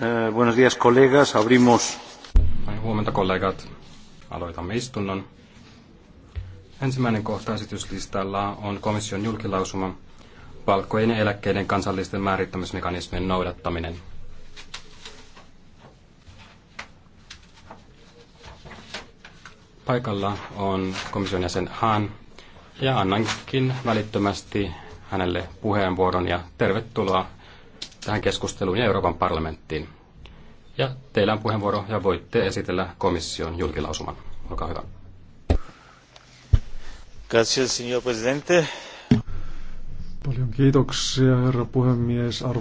Eh, buenos días, Abrimos. Huomenta, kollegat. Aloitamme istunnon. Ensimmäinen kohta esityslistalla on komission julkilausuma palkkojen ja eläkkeiden kansallisten määrittämismekanismien noudattaminen. Paikalla on komission jäsen Hahn ja annankin välittömästi hänelle puheenvuoron ja tervetuloa tähän keskusteluun ja Euroopan parlamenttiin. Ja teillä on puheenvuoro ja voitte esitellä komission julkilausuman. Olkaa hyvä. Gracias, señor presidente. Paljon kiitoksia, herra puhemies.